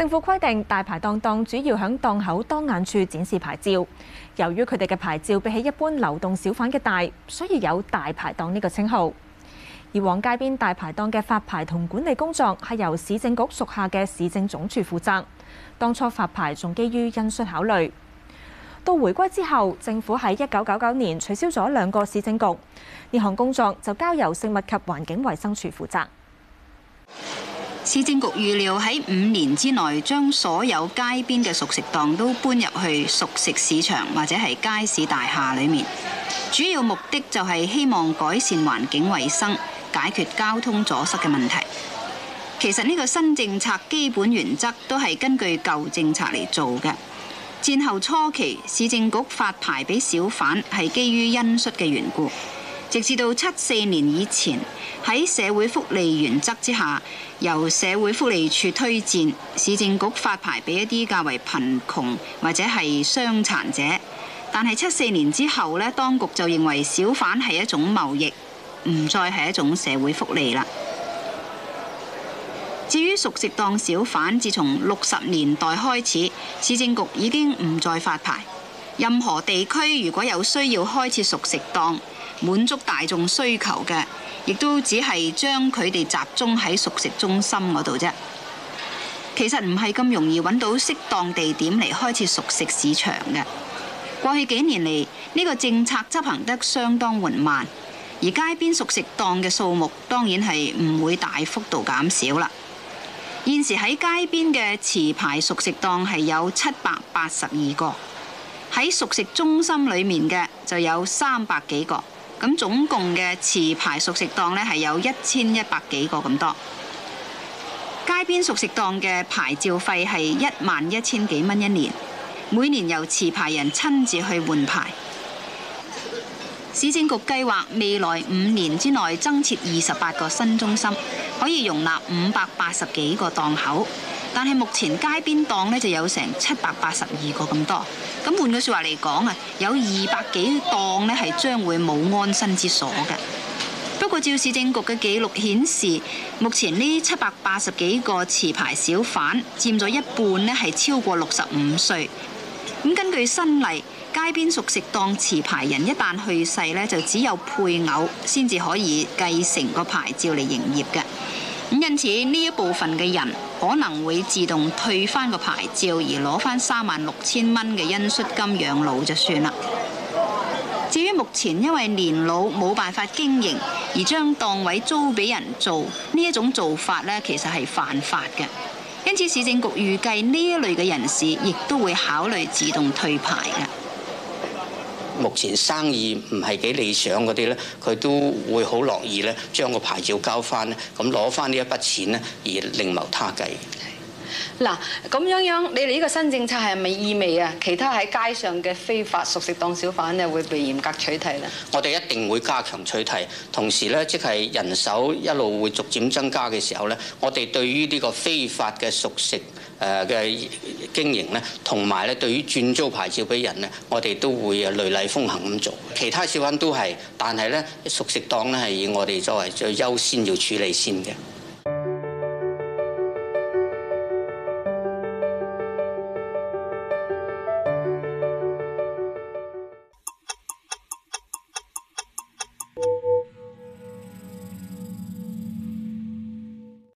政府規定，大牌檔檔主要響檔口當眼處展示牌照。由於佢哋嘅牌照比起一般流動小販嘅大，所以有大牌檔呢個稱號。以往街邊大牌檔嘅發牌同管理工作係由市政局屬下嘅市政總署負責。當初發牌仲基於恩卹考慮，到回歸之後，政府喺一九九九年取消咗兩個市政局，呢項工作就交由食物及環境衞生署負責。市政局預料喺五年之內將所有街邊嘅熟食檔都搬入去熟食市場或者係街市大廈裡面，主要目的就係希望改善環境衞生，解決交通阻塞嘅問題。其實呢個新政策基本原則都係根據舊政策嚟做嘅。戰後初期，市政局發牌俾小販係基於恩恤嘅緣故。直至到七四年以前，喺社會福利原則之下，由社會福利處推薦市政局發牌俾一啲較為貧窮或者係傷殘者。但係七四年之後呢，當局就認為小販係一種貿易，唔再係一種社會福利啦。至於熟食檔小販，自從六十年代開始，市政局已經唔再發牌。任何地區如果有需要開設熟食檔，滿足大眾需求嘅，亦都只係將佢哋集中喺熟食中心嗰度啫。其實唔係咁容易揾到適當地點嚟開始熟食市場嘅。過去幾年嚟，呢個政策執行得相當緩慢，而街邊熟食檔嘅數目當然係唔會大幅度減少啦。現時喺街邊嘅持牌熟食檔係有七百八十二個，喺熟食中心裡面嘅就有三百幾個。咁總共嘅持牌熟食檔呢，係有一千一百幾個咁多，街邊熟食檔嘅牌照費係一萬一千幾蚊一年，每年由持牌人親自去換牌。市政局計劃未來五年之內增設二十八個新中心，可以容納五百八十幾個檔口。但係目前街邊檔咧就有成七百八十二個咁多，咁換句説話嚟講啊，有二百幾檔咧係將會冇安身之所嘅。不過照市政局嘅記錄顯示，目前呢七百八十幾個持牌小販，佔咗一半咧係超過六十五歲。咁根據新例，街邊熟食檔持牌人一旦去世咧，就只有配偶先至可以繼承個牌照嚟營業嘅。因此，呢一部分嘅人可能會自動退翻個牌照，而攞翻三萬六千蚊嘅恩恤金養老就算啦。至於目前因為年老冇辦法經營，而將檔位租俾人做呢一種做法，呢其實係犯法嘅。因此，市政局預計呢一類嘅人士亦都會考慮自動退牌嘅。目前生意唔係幾理想嗰啲咧，佢都會好樂意咧，將個牌照交翻咧，咁攞翻呢一筆錢咧，而另謀他計。嗱，咁樣樣，你哋呢個新政策係咪意味啊，其他喺街上嘅非法熟食檔小販咧，會被嚴格取締咧？我哋一定會加強取締，同時呢，即係人手一路會逐漸增加嘅時候呢，我哋對於呢個非法嘅熟食誒嘅、呃、經營呢，同埋咧，對於轉租牌照俾人呢，我哋都會雷厲風行咁做。其他小販都係，但係呢，熟食檔咧係以我哋作為最優先要處理先嘅。